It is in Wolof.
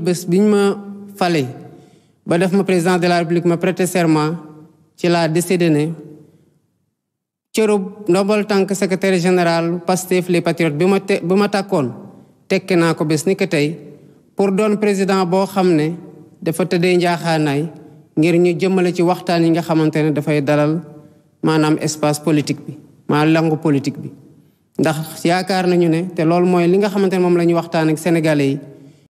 bi biñ ma fale ba def ma président de la république ma prêter serment ci la décidé ne cërub ndombal tànk secretaire général Pastef les patriotes bi ma te bi ma takkoon tekki naa ko bés ni ko tey pour doon président boo xam ne dafa tëddee njaaxaanaay ngir ñu jëmmale ci waxtaan yi nga xamante ne dafay dalal maanaam espace politique bi maa langu politique bi ndax yaakaar nañu ne te loolu mooy li nga xamante ne moom la ñuy waxtaan ak sénégalais yi